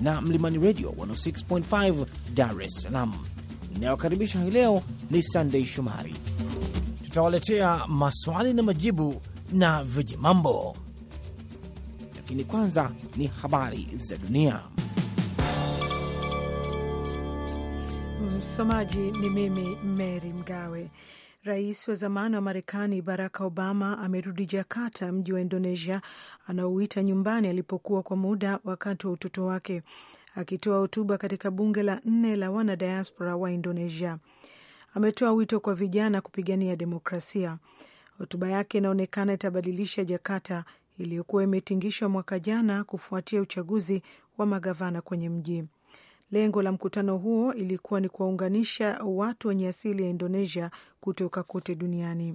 na Mlimani Radio 106.5 Dar es Salaam. Inayokaribisha hii leo ni Sandei Shomari. Tutawaletea maswali na majibu na viji mambo, lakini kwanza ni habari za dunia. Msomaji ni mimi Mary Mgawe. Rais wa zamani wa Marekani Barack Obama amerudi Jakarta, mji wa Indonesia anaouita nyumbani alipokuwa kwa muda wakati wa utoto wake, akitoa hotuba katika bunge la nne la wanadiaspora wa Indonesia. Ametoa wito kwa vijana kupigania demokrasia. Hotuba yake inaonekana itabadilisha Jakarta iliyokuwa imetingishwa mwaka jana kufuatia uchaguzi wa magavana kwenye mji. Lengo la mkutano huo ilikuwa ni kuwaunganisha watu wenye asili ya Indonesia kutoka kote duniani.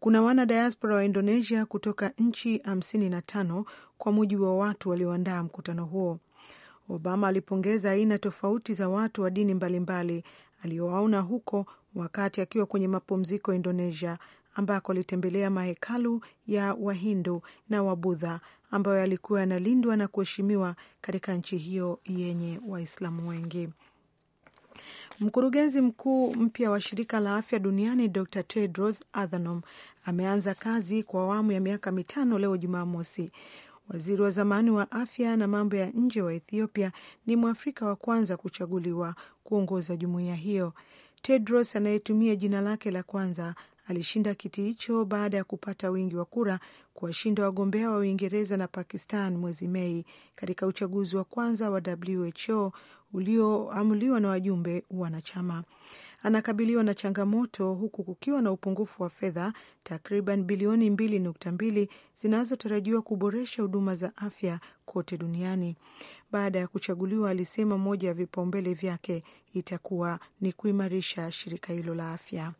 Kuna wana diaspora wa Indonesia kutoka nchi 55 kwa mujibu wa watu walioandaa mkutano huo. Obama alipongeza aina tofauti za watu wa dini mbalimbali aliyowaona huko wakati akiwa kwenye mapumziko Indonesia, ambako alitembelea mahekalu ya Wahindu na Wabudha ambayo yalikuwa yanalindwa na kuheshimiwa katika nchi hiyo yenye Waislamu wengi. Mkurugenzi mkuu mpya wa shirika la afya duniani Dr Tedros Adhanom ameanza kazi kwa awamu ya miaka mitano leo Jumamosi. Waziri wa zamani wa afya na mambo ya nje wa Ethiopia ni Mwafrika wa kwanza kuchaguliwa kuongoza jumuiya hiyo. Tedros anayetumia jina lake la kwanza alishinda kiti hicho baada ya kupata wingi wa kura kuwashinda wagombea wa Uingereza na Pakistan mwezi Mei katika uchaguzi wa kwanza wa WHO ulioamuliwa na wajumbe wanachama. Anakabiliwa na changamoto huku kukiwa na upungufu wa fedha takriban bilioni mbili zinazotarajiwa kuboresha huduma za afya kote duniani. Baada ya kuchaguliwa, alisema moja ya vipaumbele vyake itakuwa ni kuimarisha shirika hilo la afya.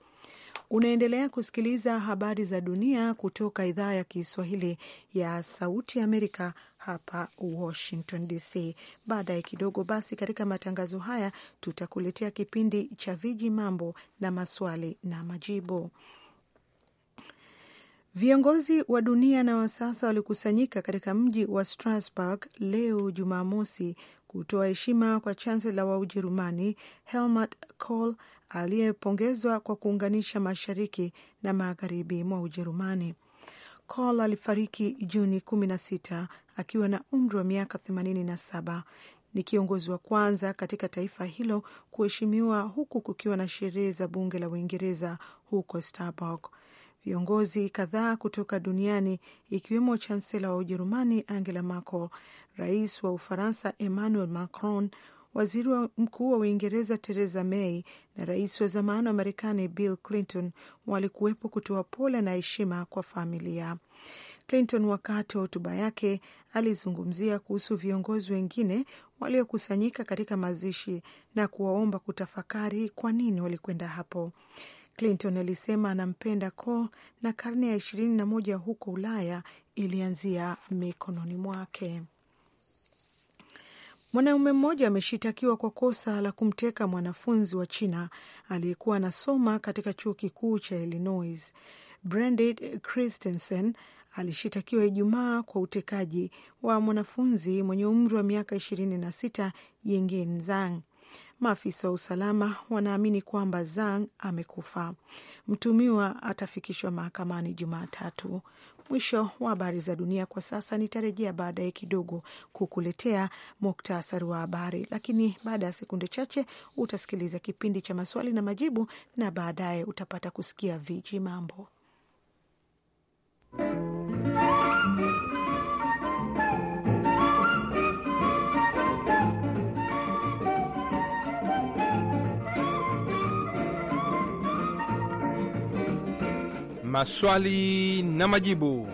Unaendelea kusikiliza habari za dunia kutoka idhaa ya Kiswahili ya Sauti Amerika hapa Washington DC. Baadaye kidogo basi, katika matangazo haya tutakuletea kipindi cha viji mambo na maswali na majibu. Viongozi wa dunia na wasasa walikusanyika katika mji wa Strasbourg leo Jumamosi kutoa heshima kwa chansela wa Ujerumani Helmut Kohl aliyepongezwa kwa kuunganisha mashariki na magharibi mwa Ujerumani. Kohl alifariki Juni 16 akiwa na umri wa miaka 87. Ni kiongozi wa kwanza katika taifa hilo kuheshimiwa huku kukiwa na sherehe za bunge la Uingereza huko Starburg. Viongozi kadhaa kutoka duniani ikiwemo chansela wa Ujerumani Angela Merkel, rais wa Ufaransa Emmanuel Macron, waziri mkuu wa Uingereza Theresa May na rais wa zamani wa Marekani Bill Clinton walikuwepo kutoa pole na heshima kwa familia. Clinton wakati wa hotuba yake alizungumzia kuhusu viongozi wengine waliokusanyika katika mazishi na kuwaomba kutafakari kwa nini walikwenda hapo. Clinton alisema anampenda Cole na karne ya ishirini na moja huko Ulaya ilianzia mikononi mwake. Mwanaume mmoja ameshitakiwa kwa kosa la kumteka mwanafunzi wa China aliyekuwa anasoma katika chuo kikuu cha Illinois. Brandit Christensen alishitakiwa Ijumaa kwa utekaji wa mwanafunzi mwenye umri wa miaka ishirini na sita yingin Zhang. Maafisa wa usalama wanaamini kwamba Zang amekufa. Mtumiwa atafikishwa mahakamani Jumatatu. Mwisho wa habari za dunia kwa sasa. Nitarejea baadaye kidogo kukuletea muktasari wa habari, lakini baada ya sekunde chache utasikiliza kipindi cha maswali na majibu, na baadaye utapata kusikia viji mambo. maswali na majibu.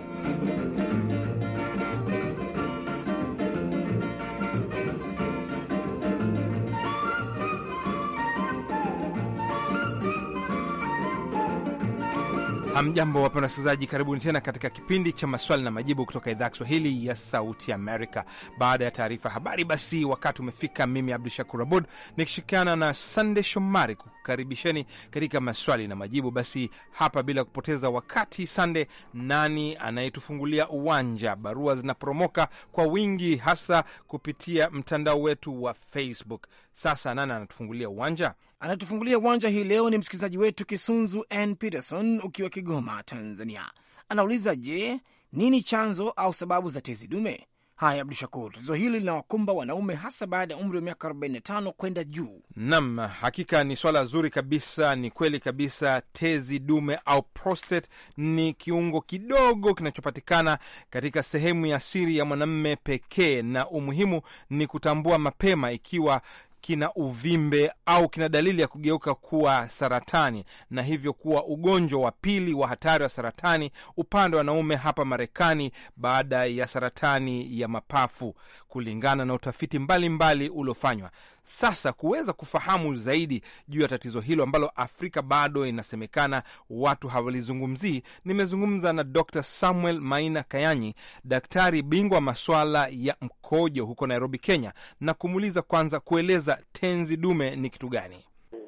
Hamjambo, wapenda wasikilizaji, karibuni tena katika kipindi cha maswali na majibu kutoka idhaa ya Kiswahili ya Sauti Amerika. Baada ya taarifa habari, basi wakati umefika, mimi Abdu Shakur Abud nikishirikiana na Sande Shomari kukaribisheni katika maswali na majibu. Basi hapa bila kupoteza wakati, Sande, nani anayetufungulia uwanja? Barua zinaporomoka kwa wingi, hasa kupitia mtandao wetu wa Facebook. Sasa nani anatufungulia uwanja? Anatufungulia uwanja hii leo ni msikilizaji wetu Kisunzu N Peterson ukiwa Kigoma, Tanzania, anauliza je, nini chanzo au sababu za tezi dume? Haya, Abdu Shakur, tatizo hili linawakumba wanaume hasa baada ya umri wa miaka 45 kwenda juu. Naam, hakika ni swala zuri kabisa. Ni kweli kabisa, tezi dume au prostate ni kiungo kidogo kinachopatikana katika sehemu ya siri ya mwanamme pekee, na umuhimu ni kutambua mapema ikiwa kina uvimbe au kina dalili ya kugeuka kuwa saratani na hivyo kuwa ugonjwa wa pili wa hatari wa saratani upande wa wanaume hapa Marekani baada ya saratani ya mapafu, kulingana na utafiti mbalimbali uliofanywa. Sasa kuweza kufahamu zaidi juu ya tatizo hilo ambalo Afrika bado inasemekana watu hawalizungumzii, nimezungumza na Dr Samuel Maina Kayanyi, daktari bingwa maswala ya mkojo huko Nairobi, Kenya, na kumuuliza kwanza kueleza kwanza, tenzi dume ni kitu gani?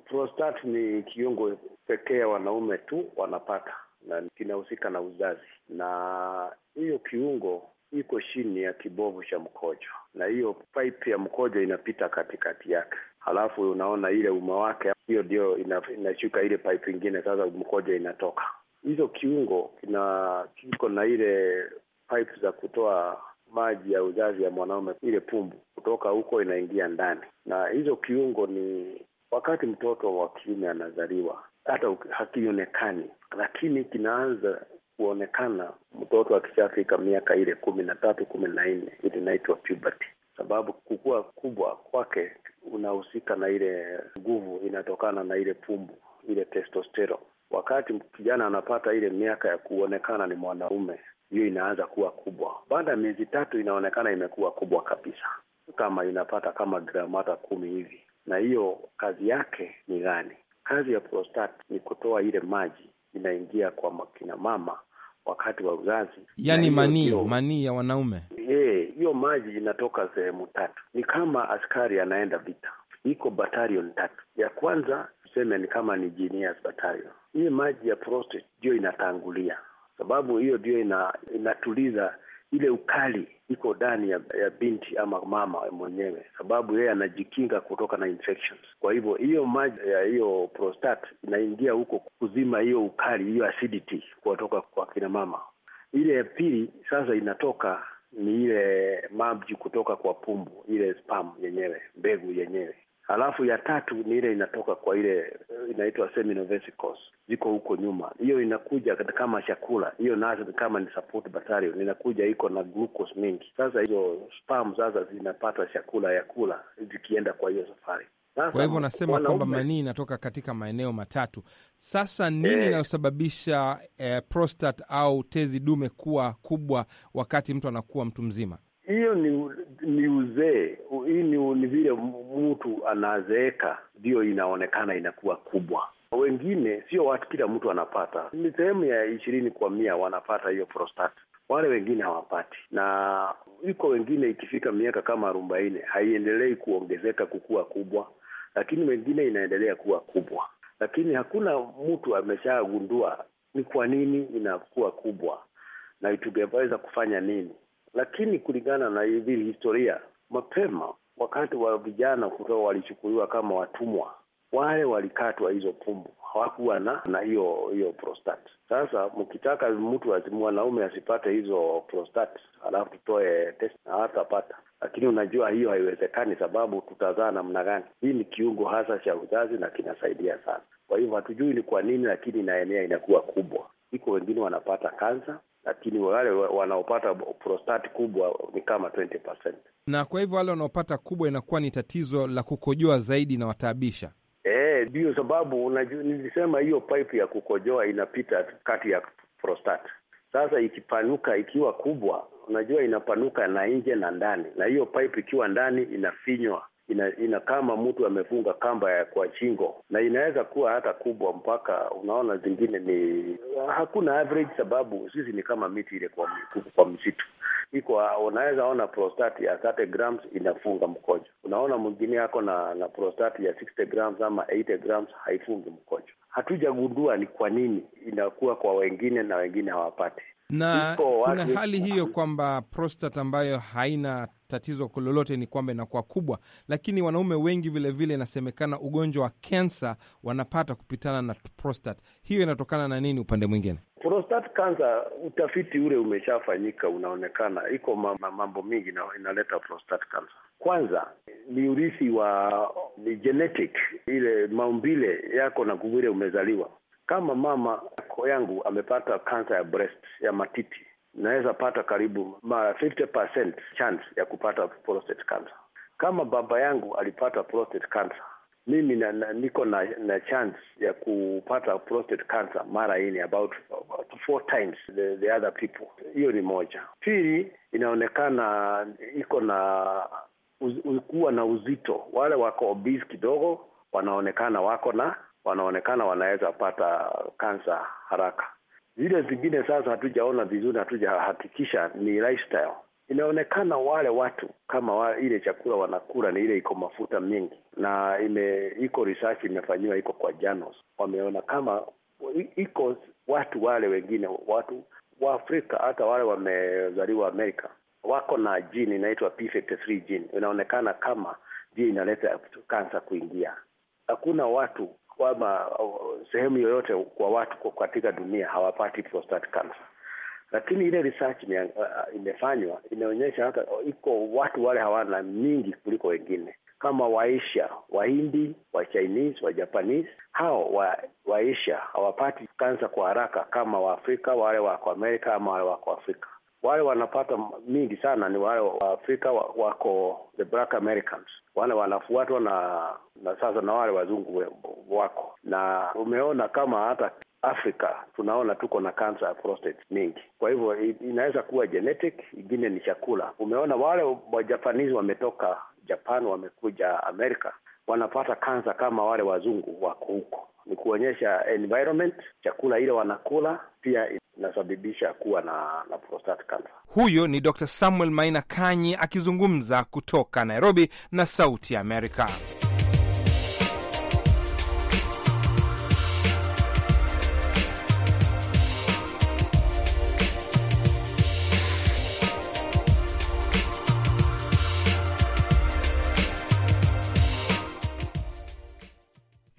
Prostat ni kiungo pekee ya wanaume tu wanapata na kinahusika na uzazi, na hiyo kiungo iko chini ya kibovu cha mkojo, na hiyo pipe ya mkojo inapita katikati yake. Halafu unaona ile uma wake, hiyo ndio inashuka ile pipe ingine, sasa mkojo inatoka. Hizo kiungo kina kiko na ile pipe za kutoa maji ya uzazi ya mwanaume, ile pumbu kutoka huko inaingia ndani, na hizo kiungo ni wakati mtoto wa kiume anazaliwa, hata hakionekani, lakini kinaanza kuonekana mtoto akishafika miaka ile kumi na tatu kumi na nne inaitwa puberty, sababu kukua kubwa kwake unahusika na ile nguvu inatokana na ile pumbu, ile testosterone Wakati kijana anapata ile miaka ya kuonekana ni mwanaume, hiyo inaanza kuwa kubwa. Baada ya miezi tatu inaonekana imekuwa kubwa kabisa, kama inapata kama gramata kumi hivi, na hiyo kazi yake ni gani? Kazi ya prostat ni kutoa ile maji inaingia kwa makina mama wakati wa uzazi, yaani manii manii ya wanaume. Eh, hiyo maji inatoka sehemu tatu, ni kama askari anaenda vita. Iko batalion tatu, ya kwanza tuseme ni kama ni genius batayo. Hii maji ya prostate ndiyo inatangulia, sababu hiyo ndio ina, inatuliza ile ukali iko ndani ya, ya binti ama mama mwenyewe, sababu yeye anajikinga kutoka na infections. Kwa hivyo hiyo maji ya hiyo prostat inaingia huko kuzima hiyo ukali, hiyo acidity kutoka kwa kina mama. Ile ya pili sasa inatoka ni ile maji kutoka kwa pumbu, ile spam yenyewe, mbegu yenyewe alafu ya tatu ni ile inatoka kwa ile inaitwa seminovesicles ziko huko nyuma. Hiyo inakuja kama chakula, hiyo nazo kama ni support battalion, inakuja iko na glucose mingi. Sasa hizo sperm sasa zinapata chakula ya kula zikienda kwa hiyo safari. Sasa, kwa hivyo unasema kwamba manii inatoka katika maeneo matatu. Sasa nini eh. inayosababisha eh, prostate au tezi dume kuwa kubwa wakati mtu anakuwa mtu mzima? hiyo ni ni uzee, hii ni, ni vile mtu anazeeka ndiyo inaonekana inakuwa kubwa. Wengine sio watu, kila mtu anapata, ni sehemu ya ishirini kwa mia wanapata hiyo prostat, wale wengine hawapati, na iko wengine ikifika miaka kama arobaini haiendelei kuongezeka kukuwa kubwa, lakini wengine inaendelea kuwa kubwa, lakini hakuna mtu ameshagundua ni kwa nini inakuwa kubwa na tungeweza kufanya nini. Lakini kulingana na hivi historia, mapema wakati wa vijana kutoka walichukuliwa kama watumwa, wale walikatwa hizo pumbu, hawakuwa na na hiyo hiyo prostat. Sasa mkitaka mtu mwanaume asipate hizo prostat, alafu tutoe test na hatapata lakini unajua hiyo haiwezekani, sababu tutazaa namna gani? Hii ni kiungo hasa cha uzazi na kinasaidia sana. Kwa hivyo hatujui ni kwa nini, lakini inaenea, inakuwa kubwa. Iko wengine wanapata kansa, lakini wale wanaopata prostat kubwa ni kama 20%. Na kwa hivyo wale wanaopata kubwa inakuwa ni tatizo la kukojoa zaidi na wataabisha eh, ndiyo. E, sababu nilisema hiyo pipe ya kukojoa inapita kati ya prostat Sasa ikipanuka ikiwa kubwa, unajua inapanuka na nje na ndani, na hiyo pipe ikiwa ndani inafinywa ina, ina kama mtu amefunga kamba ya kwa shingo, na inaweza kuwa hata kubwa, mpaka unaona zingine ni hakuna average, sababu sisi ni kama miti ile kwa, kwa msitu iko. Unaweza ona prostati ya 30 grams inafunga mkojo, unaona mwingine yako na na prostati ya 60 grams ama 80 grams haifungi mkojo. Hatujagundua ni kwa nini inakuwa kwa wengine na wengine hawapati na kuna hali hiyo kwamba prostat ambayo haina tatizo lolote, ni kwamba inakuwa kubwa. Lakini wanaume wengi vilevile, inasemekana vile ugonjwa wa kansa wanapata kupitana na prostate. Hiyo inatokana na nini? Upande mwingine prostate utafiti ule umeshafanyika, unaonekana iko mambo mingi na inaleta prostate Kwanza ni urithi wa ni genetic, ile maumbile yako na kuvile umezaliwa. Kama mama yangu amepata kansa ya breast ya matiti naweza pata karibu mara 50% chance ya kupata prostate cancer. Kama baba yangu alipata prostate cancer, mimi na, na, niko na, na chance ya kupata prostate cancer mara ini about, about four times the, the other people. Hiyo ni moja. Pili, inaonekana iko na uz, kuwa na uzito. Wale wako obese kidogo wanaonekana wako na wanaonekana wanaweza pata kansa haraka. Zile zingine sasa hatujaona vizuri, hatujahakikisha ni lifestyle. Inaonekana wale watu kama wale, ile chakula wanakula ni ile iko mafuta mengi, na ime iko research imefanyiwa iko kwa journals, wameona kama iko watu wale wengine watu wa Afrika hata wale wamezaliwa Amerika wako na jini inaitwa P53 jini, inaonekana kama ndio inaleta kansa kuingia. Hakuna watu ama uh, sehemu yoyote kwa watu katika dunia hawapati prostate cancer, lakini ile research uh, uh, imefanywa imeonyesha hata uh, iko watu wale hawana mingi kuliko wengine kama Waisha, Wahindi, Wachinese, wajapanis hao wa, Waisha hawapati kansa kwa haraka kama Waafrika wale wako Amerika ama wale wako Afrika wale wanapata mingi sana ni wale wa wa, wako the black Americans, wale wanafuatwa na na sasa na wale wazungu wako, na umeona kama hata Afrika tunaona tuko na kansa ya prostate mingi. Kwa hivyo inaweza kuwa genetic, ingine ni chakula. Umeona wale wajapanizi wametoka Japan wamekuja Amerika wanapata kansa kama wale wazungu wako huko, ni kuonyesha environment, chakula ile wanakula pia inasababisha kuwa na, na prostate cancer. Huyo ni Dr. Samuel Maina Kanyi akizungumza kutoka Nairobi na Sauti ya Amerika.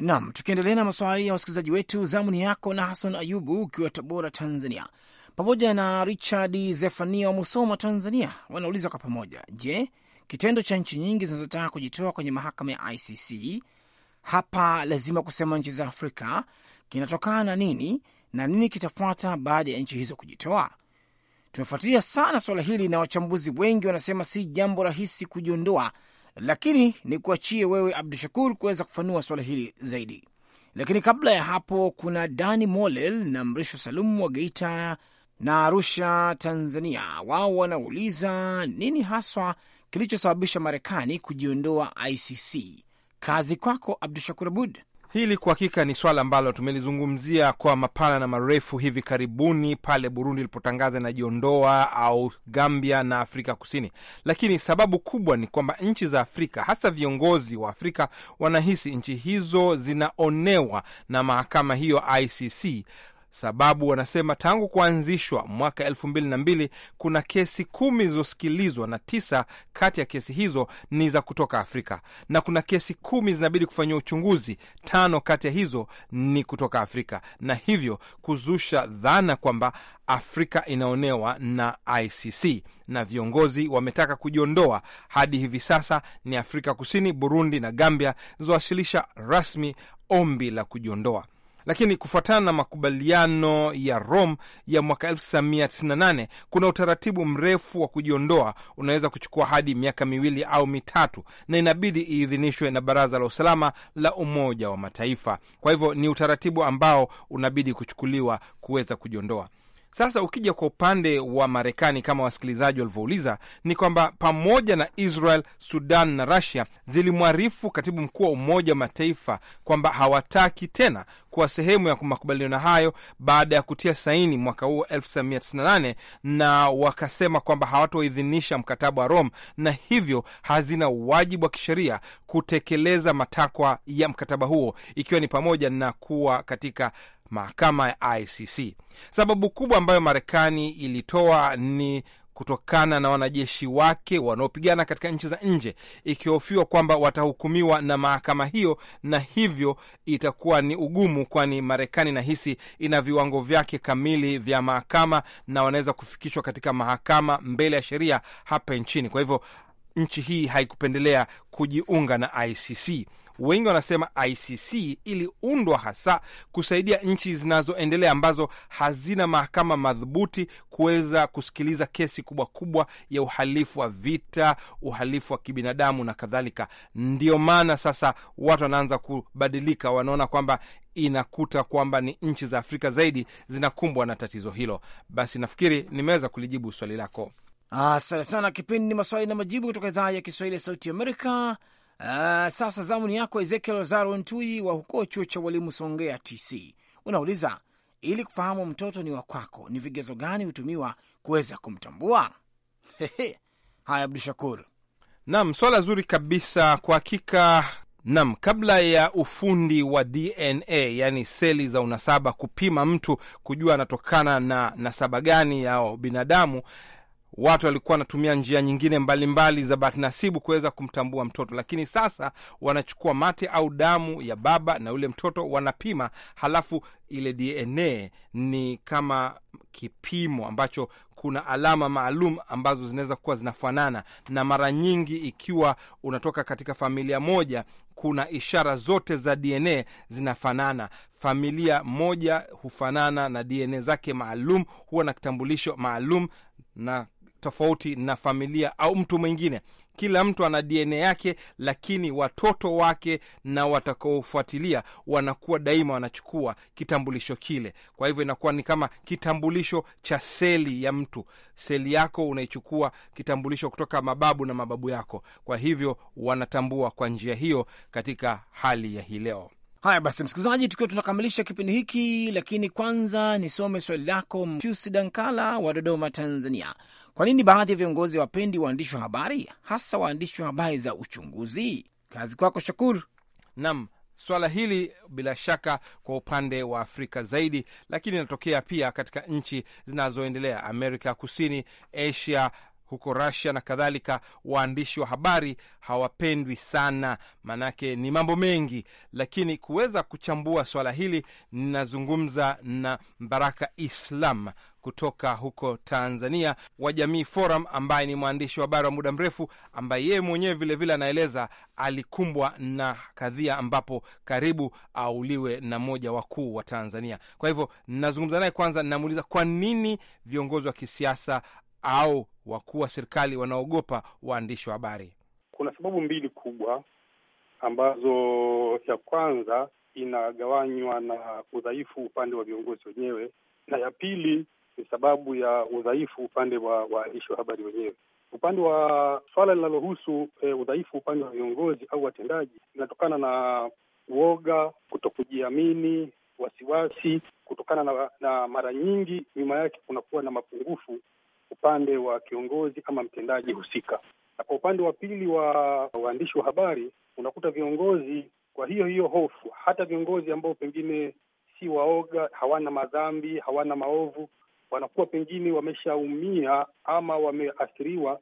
Nam, tukiendelea na maswali ya wasikilizaji wetu, zamuni yako na Hasan Ayubu ukiwa Tabora, Tanzania, pamoja na Richard Zefania wa Musoma, Tanzania, wanauliza kwa pamoja: Je, kitendo cha nchi nyingi zinazotaka kujitoa kwenye mahakama ya ICC, hapa lazima kusema nchi za Afrika, kinatokana na nini na nini kitafuata baada ya nchi hizo kujitoa? Tumefuatilia sana suala hili na wachambuzi wengi wanasema si jambo rahisi kujiondoa lakini ni kuachie wewe Abdu Shakur kuweza kufanua swala hili zaidi. Lakini kabla ya hapo, kuna Dani Molel na Mrisho Salumu wa Geita na Arusha, Tanzania. Wao wanauliza nini haswa kilichosababisha Marekani kujiondoa ICC? Kazi kwako Abdu Shakur Abud. Hili kwa hakika ni swala ambalo tumelizungumzia kwa mapana na marefu hivi karibuni pale Burundi ilipotangaza inajiondoa au Gambia na Afrika Kusini, lakini sababu kubwa ni kwamba nchi za Afrika, hasa viongozi wa Afrika, wanahisi nchi hizo zinaonewa na mahakama hiyo ICC sababu wanasema tangu kuanzishwa mwaka elfu mbili na mbili kuna kesi kumi zilizosikilizwa na tisa kati ya kesi hizo ni za kutoka Afrika na kuna kesi kumi zinabidi kufanyia uchunguzi, tano kati ya hizo ni kutoka Afrika na hivyo kuzusha dhana kwamba Afrika inaonewa na ICC na viongozi wametaka kujiondoa. Hadi hivi sasa ni Afrika Kusini, Burundi na Gambia zilizowasilisha rasmi ombi la kujiondoa lakini kufuatana na makubaliano ya Rome ya mwaka 1998 kuna utaratibu mrefu wa kujiondoa, unaweza kuchukua hadi miaka miwili au mitatu, na inabidi iidhinishwe na Baraza la Usalama la Umoja wa Mataifa. Kwa hivyo ni utaratibu ambao unabidi kuchukuliwa kuweza kujiondoa. Sasa ukija kwa upande wa Marekani, kama wasikilizaji walivyouliza, ni kwamba pamoja na Israel, Sudan na rasia zilimwarifu katibu mkuu wa Umoja wa Mataifa kwamba hawataki tena kuwa sehemu ya makubaliano hayo baada ya kutia saini mwaka huo 1998 na wakasema kwamba hawatoidhinisha mkataba wa Rome na hivyo hazina wajibu wa kisheria kutekeleza matakwa ya mkataba huo, ikiwa ni pamoja na kuwa katika mahakama ya ICC. Sababu kubwa ambayo Marekani ilitoa ni kutokana na wanajeshi wake wanaopigana katika nchi za nje, ikihofiwa kwamba watahukumiwa na mahakama hiyo, na hivyo itakuwa ni ugumu, kwani Marekani nahisi ina viwango vyake kamili vya mahakama na wanaweza kufikishwa katika mahakama mbele ya sheria hapa nchini. Kwa hivyo nchi hii haikupendelea kujiunga na ICC. Wengi wanasema ICC iliundwa hasa kusaidia nchi zinazoendelea ambazo hazina mahakama madhubuti kuweza kusikiliza kesi kubwa kubwa ya uhalifu wa vita, uhalifu wa kibinadamu na kadhalika. Ndio maana sasa watu wanaanza kubadilika, wanaona kwamba inakuta kwamba ni nchi za Afrika zaidi zinakumbwa na tatizo hilo. Basi nafikiri nimeweza kulijibu swali lako. Asante sana. Kipindi ni maswali na majibu kutoka idhaa ya Kiswahili ya Sauti Amerika. Ah, sasa zamu ni yako Ezekiel Lazaro Ntui wa huko chuo cha walimu Songea TC, unauliza ili kufahamu mtoto ni wa kwako ni vigezo gani hutumiwa kuweza kumtambua? Haya, Abdu Shakur. Naam, swala zuri kabisa kwa hakika. Nam, kabla ya ufundi wa DNA yaani seli za unasaba kupima mtu kujua anatokana na nasaba gani ya binadamu, watu walikuwa wanatumia njia nyingine mbalimbali za bahati nasibu kuweza kumtambua mtoto, lakini sasa wanachukua mate au damu ya baba na yule mtoto wanapima, halafu ile DNA ni kama kipimo ambacho kuna alama maalum ambazo zinaweza kuwa zinafanana, na mara nyingi ikiwa unatoka katika familia moja, kuna ishara zote za DNA zinafanana. Familia moja hufanana na DNA zake maalum, huwa na kitambulisho maalum na tofauti na familia au mtu mwingine. Kila mtu ana DNA yake, lakini watoto wake na watakaofuatilia wanakuwa daima wanachukua kitambulisho kile. Kwa hivyo inakuwa ni kama kitambulisho cha seli ya mtu. Seli yako unaichukua kitambulisho kutoka mababu na mababu yako, kwa hivyo wanatambua kwa njia hiyo katika hali ya hii leo. Haya basi, msikilizaji, tukiwa tunakamilisha kipindi hiki, lakini kwanza nisome swali lako. mpusi Dankala wa Dodoma, Tanzania, kwa nini baadhi ya viongozi wapendi waandishi wa habari, hasa waandishi wa habari za uchunguzi? Kazi kwako Shakur. Naam, Swala hili bila shaka kwa upande wa Afrika zaidi, lakini inatokea pia katika nchi zinazoendelea, Amerika Kusini, Asia, huko rusia na kadhalika, waandishi wa habari hawapendwi sana, maanake ni mambo mengi. Lakini kuweza kuchambua swala hili, ninazungumza na baraka Islam kutoka huko Tanzania wa Jamii Forum, ambaye ni mwandishi wa habari wa muda mrefu, ambaye yeye mwenyewe vilevile anaeleza alikumbwa na kadhia ambapo karibu auliwe na mmoja wakuu wa Tanzania. Kwa hivyo nazungumza naye kwanza, namuuliza kwa nini viongozi wa kisiasa au wakuu wa serikali wanaogopa waandishi wa habari? Kuna sababu mbili kubwa ambazo, ya kwanza inagawanywa na udhaifu upande wa viongozi wenyewe, na ya pili ni sababu ya udhaifu upande wa waandishi wa habari wenyewe. Upande wa swala linalohusu e, udhaifu upande wa viongozi au watendaji, inatokana na uoga, kutokujiamini, wasiwasi, kutokana na, na mara nyingi nyuma yake kunakuwa na mapungufu upande wa kiongozi ama mtendaji husika, na kwa upande wa pili wa waandishi wa habari unakuta viongozi kwa hiyo hiyo hofu, hata viongozi ambao pengine si waoga, hawana madhambi, hawana maovu, wanakuwa pengine wameshaumia ama wameathiriwa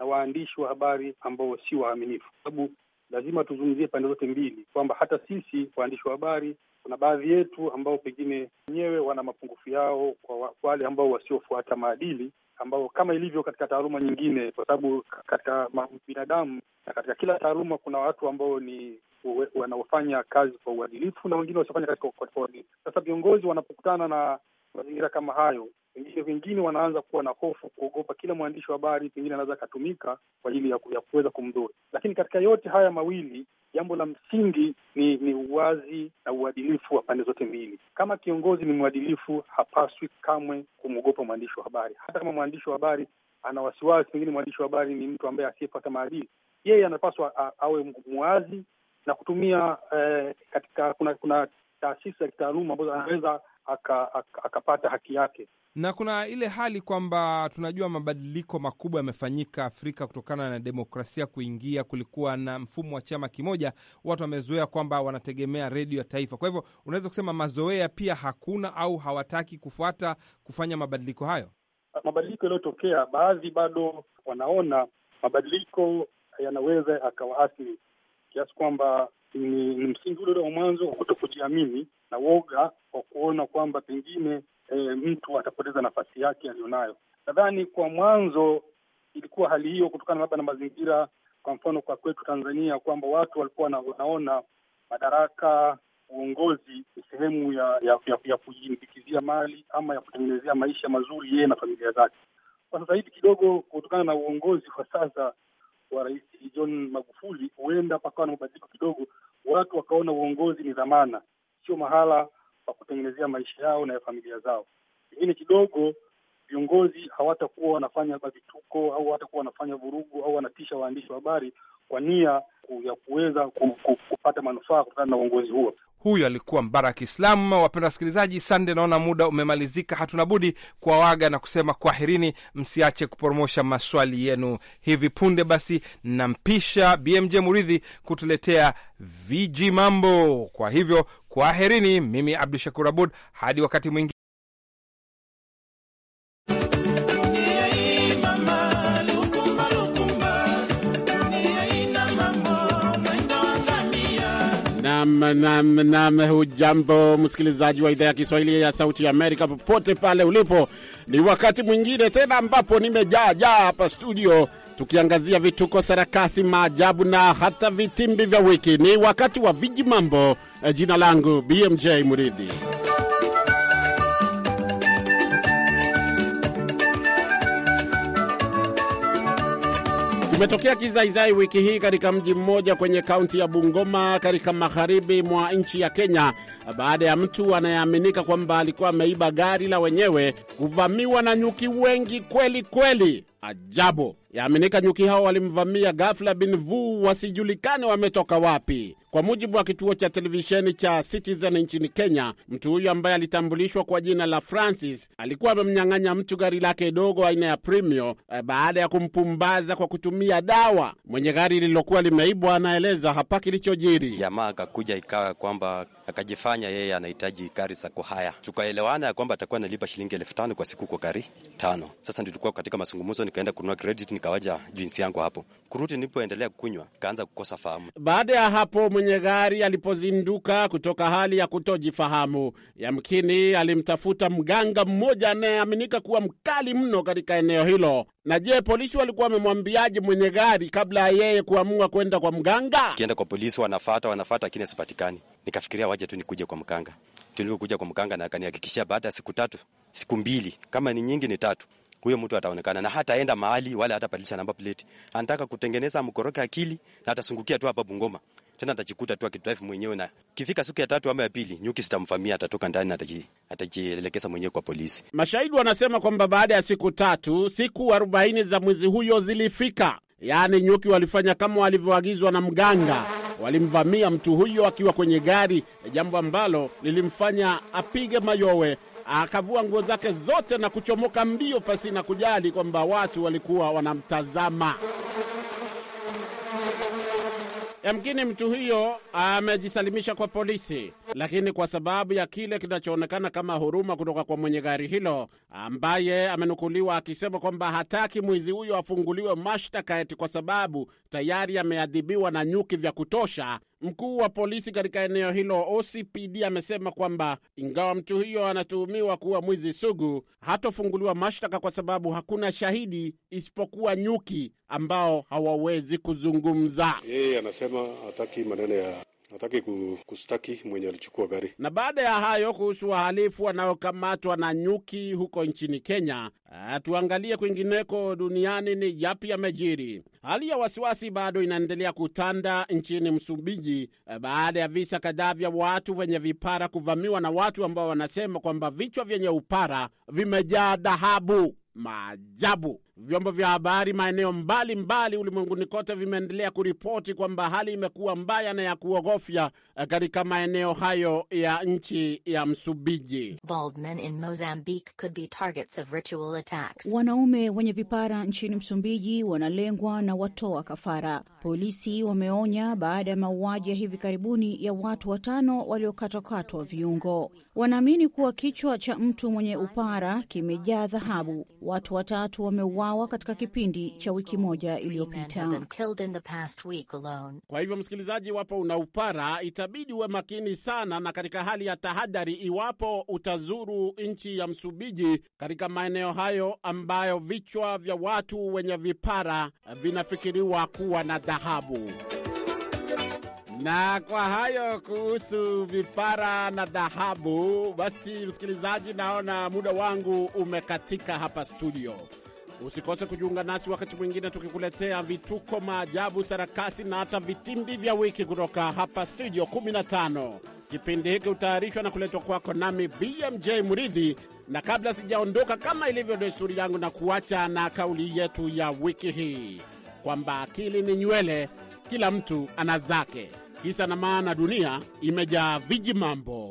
na waandishi wa habari ambao si waaminifu, sababu lazima tuzungumzie pande zote mbili, kwamba hata sisi waandishi wa habari kuna baadhi yetu ambao pengine wenyewe wana mapungufu yao, kwa wale ambao wasiofuata maadili ambao kama ilivyo katika taaluma nyingine, kwa sababu katika binadamu na katika kila taaluma kuna watu ambao ni wanaofanya kazi kwa uadilifu na wengine wasiofanya kazi kwa uadilifu. Sasa viongozi wanapokutana na mazingira kama hayo, pengine wengine wanaanza kuwa na hofu, kuogopa kila mwandishi wa habari pengine anaweza akatumika kwa ajili ya kuweza kumdhuru. Lakini katika yote haya mawili, jambo la msingi ni ni uwazi na uadilifu wa pande zote mbili. Kama kiongozi ni mwadilifu, hapaswi kamwe kumwogopa mwandishi wa habari, hata kama mwandishi wa habari ana wasiwasi. Pengine mwandishi wa habari ni mtu ambaye asiyepata maadili, yeye anapaswa awe mwazi na kutumia eh, katika kuna kuna taasisi za kitaaluma ambazo anaweza akapata haki yake. Na kuna ile hali kwamba tunajua mabadiliko makubwa yamefanyika Afrika kutokana na demokrasia kuingia. Kulikuwa na mfumo wa chama kimoja, watu wamezoea kwamba wanategemea redio ya taifa. Kwa hivyo unaweza kusema mazoea pia hakuna au hawataki kufuata kufanya mabadiliko hayo. Mabadiliko yaliyotokea, baadhi bado wanaona mabadiliko yanaweza akawaathiri kiasi kwamba ni, ni msingi ule ule wa mwanzo wa kutokujiamini na woga wa kuona kwamba pengine e, mtu atapoteza nafasi yake aliyonayo. Nadhani kwa mwanzo ilikuwa hali hiyo kutokana labda na mazingira, kwa mfano kwa kwetu Tanzania, kwamba watu walikuwa wanaona madaraka, uongozi ni sehemu ya ya, ya, ya kujimbikizia mali ama ya kutengenezea maisha mazuri yeye na familia zake. Kwa sasa hivi kidogo, kutokana na uongozi kwa sasa wa Rais John Magufuli, huenda pakawa na mabadiliko kidogo, watu wakaona uongozi ni dhamana, sio mahala pa kutengenezea maisha yao na ya familia zao. Pengine kidogo viongozi hawatakuwa wanafanya vituko au hawatakuwa wanafanya vurugu au wanatisha waandishi wa habari kwa nia ya kuweza kupata manufaa kutokana na uongozi huo. Huyu alikuwa Mbarak Islam. Wapenda wasikilizaji, sande, naona muda umemalizika, hatuna budi kuwaaga na kusema kwaherini. Msiache kuporomosha maswali yenu. Hivi punde basi nampisha BMJ Muridhi kutuletea viji mambo. Kwa hivyo kwaherini, mimi Abdu Shakur Abud, hadi wakati mwingine. nam, nam. Hujambo msikilizaji wa idhaa ya Kiswahili ya Sauti ya Amerika, popote pale ulipo, ni wakati mwingine tena ambapo nimejaajaa hapa studio tukiangazia vituko, sarakasi, maajabu na hata vitimbi vya wiki. Ni wakati wa viji mambo. Eh, jina langu BMJ Muridhi. Kumetokea kizaizai wiki hii katika mji mmoja kwenye kaunti ya Bungoma katika magharibi mwa nchi ya Kenya baada ya mtu anayeaminika kwamba alikuwa ameiba gari la wenyewe kuvamiwa na nyuki wengi kweli kweli ajabu. Yaaminika nyuki hao walimvamia ghafla bin vu wasijulikane wametoka wapi. Kwa mujibu wa kituo cha televisheni cha Citizen nchini Kenya, mtu huyu ambaye alitambulishwa kwa jina la Francis alikuwa amemnyang'anya mtu gari lake dogo aina ya Premio eh, baada ya kumpumbaza kwa kutumia dawa. Mwenye gari lililokuwa limeibwa anaeleza hapa kilichojiri. Jamaa akakuja ikawa kwamba akajifanya yeye anahitaji gari za kuhaya. Tukaelewana ya kwamba atakuwa analipa shilingi elfu tano kwa siku kwa gari tano. Sasa ndio tulikuwa katika mazungumzo, nikaenda kununua credit, nikawaja jinsi yangu hapo kuruti nilipoendelea kunywa kaanza kukosa fahamu. Baada ya hapo, mwenye gari alipozinduka kutoka hali ya kutojifahamu, yamkini alimtafuta mganga mmoja anayeaminika kuwa mkali mno katika eneo hilo. Na je, polisi walikuwa wamemwambiaje mwenye gari kabla ya yeye kuamua kwenda kwa mganga? Kienda kwa polisi, wanafata wanafata, lakini asipatikani. Nikafikiria waje tu nikuje kwa mkanga. Tulivyokuja kwa mkanga, na akanihakikishia baada ya siku tatu, siku mbili, kama ni nyingi ni tatu huyo mtu ataonekana na hata enda mahali wala hatabadilisha namba plate. Anataka kutengeneza mkoroke akili na atasungukia tu hapa Bungoma, tena atajikuta tu akidrive mwenyewe, na kifika siku ya tatu ama ya pili, nyuki sitamfamia, atatoka ndani na atajielekeza mwenyewe kwa polisi. Mashahidi wanasema kwamba baada ya siku tatu, siku arobaini za mwezi huyo zilifika, yaani nyuki walifanya kama walivyoagizwa na mganga walimvamia mtu huyo akiwa kwenye gari, jambo ambalo lilimfanya apige mayowe akavua nguo zake zote na kuchomoka mbio pasi na kujali kwamba watu walikuwa wanamtazama. Yamkini mtu huyo amejisalimisha kwa polisi, lakini kwa sababu ya kile kinachoonekana kama huruma kutoka kwa mwenye gari hilo ambaye amenukuliwa akisema kwamba hataki mwizi huyo afunguliwe mashtaka eti kwa sababu tayari ameadhibiwa na nyuki vya kutosha, Mkuu wa polisi katika eneo hilo OCPD amesema kwamba ingawa mtu huyo anatuhumiwa kuwa mwizi sugu, hatofunguliwa mashtaka kwa sababu hakuna shahidi isipokuwa nyuki ambao hawawezi kuzungumza. Yeye anasema hataki maneno ya hataki kustaki mwenye alichukua gari. Na baada ya hayo, kuhusu wahalifu wanaokamatwa na nyuki huko nchini Kenya, eh, tuangalie kwingineko duniani, ni yapi yamejiri. Hali ya wasiwasi bado inaendelea kutanda nchini Msumbiji eh, baada ya visa kadhaa vya watu wenye vipara kuvamiwa na watu ambao wanasema kwamba vichwa vyenye upara vimejaa dhahabu. Maajabu! Vyombo vya habari maeneo mbalimbali ulimwenguni kote vimeendelea kuripoti kwamba hali imekuwa mbaya na ya kuogofya eh, katika maeneo hayo ya nchi ya Msumbiji. Bald men in Mozambique could be targets of ritual attacks. Wanaume wenye vipara nchini Msumbiji wanalengwa na watoa kafara. Polisi wameonya baada ya mauaji ya hivi karibuni ya watu watano waliokatwakatwa viungo. Wanaamini kuwa kichwa cha mtu mwenye upara kimejaa dhahabu. Watu watatu wameuawa waliuawa katika kipindi cha wiki moja iliyopita. Kwa hivyo, msikilizaji, iwapo una upara, itabidi uwe makini sana na katika hali ya tahadhari, iwapo utazuru nchi ya Msumbiji katika maeneo hayo ambayo vichwa vya watu wenye vipara vinafikiriwa kuwa na dhahabu. Na kwa hayo kuhusu vipara na dhahabu, basi msikilizaji, naona muda wangu umekatika hapa studio. Usikose kujiunga nasi wakati mwingine tukikuletea vituko, maajabu, sarakasi na hata vitimbi vya wiki kutoka hapa studio 15. Kipindi hiki hutayarishwa na kuletwa kwako nami BMJ Muridhi, na kabla sijaondoka, kama ilivyo desturi yangu, na kuacha na kauli yetu ya wiki hii kwamba akili ni nywele, kila mtu ana zake. Kisa na maana, dunia imejaa viji mambo.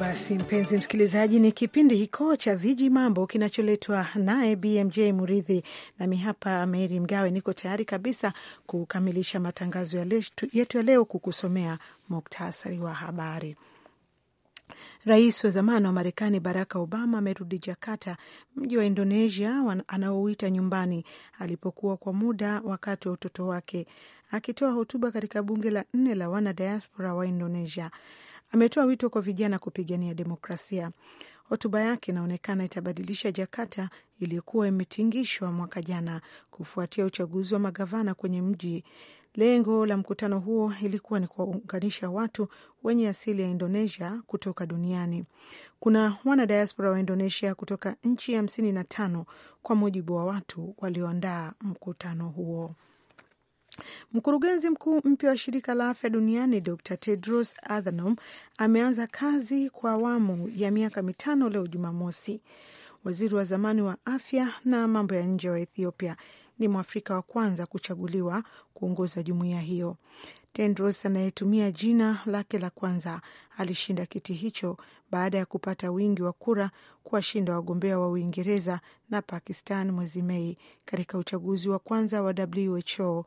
basi, mpenzi msikilizaji, ni kipindi hiko cha viji mambo kinacholetwa naye BMJ Muridhi, nami hapa Meri Mgawe, niko tayari kabisa kukamilisha matangazo yetu ya leo kukusomea muktasari wa habari. Rais wa zamani wa Marekani Barack Obama amerudi Jakarta, mji wa Indonesia anaouita nyumbani, alipokuwa kwa muda wakati wa utoto wake, akitoa hotuba katika bunge la nne la wanadiaspora wa Indonesia ametoa wito kwa vijana kupigania demokrasia. Hotuba yake inaonekana itabadilisha Jakarta iliyokuwa imetingishwa mwaka jana kufuatia uchaguzi wa magavana kwenye mji. Lengo la mkutano huo ilikuwa ni kuwaunganisha watu wenye asili ya Indonesia kutoka duniani. Kuna wanadiaspora wa Indonesia kutoka nchi hamsini na tano kwa mujibu wa watu walioandaa mkutano huo. Mkurugenzi mkuu mpya wa shirika la afya duniani Dr Tedros Adhanom ameanza kazi kwa awamu ya miaka mitano leo Jumamosi. Waziri wa zamani wa afya na mambo ya nje wa Ethiopia ni mwafrika wa kwanza kuchaguliwa kuongoza jumuiya hiyo. Tedros anayetumia jina lake la kwanza alishinda kiti hicho baada ya kupata wingi wa kura kuwashinda wagombea wa Uingereza na Pakistan mwezi Mei katika uchaguzi wa kwanza wa WHO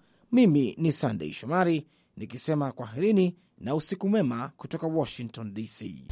mimi ni Sandei Shomari nikisema kwaherini na usiku mwema kutoka Washington DC.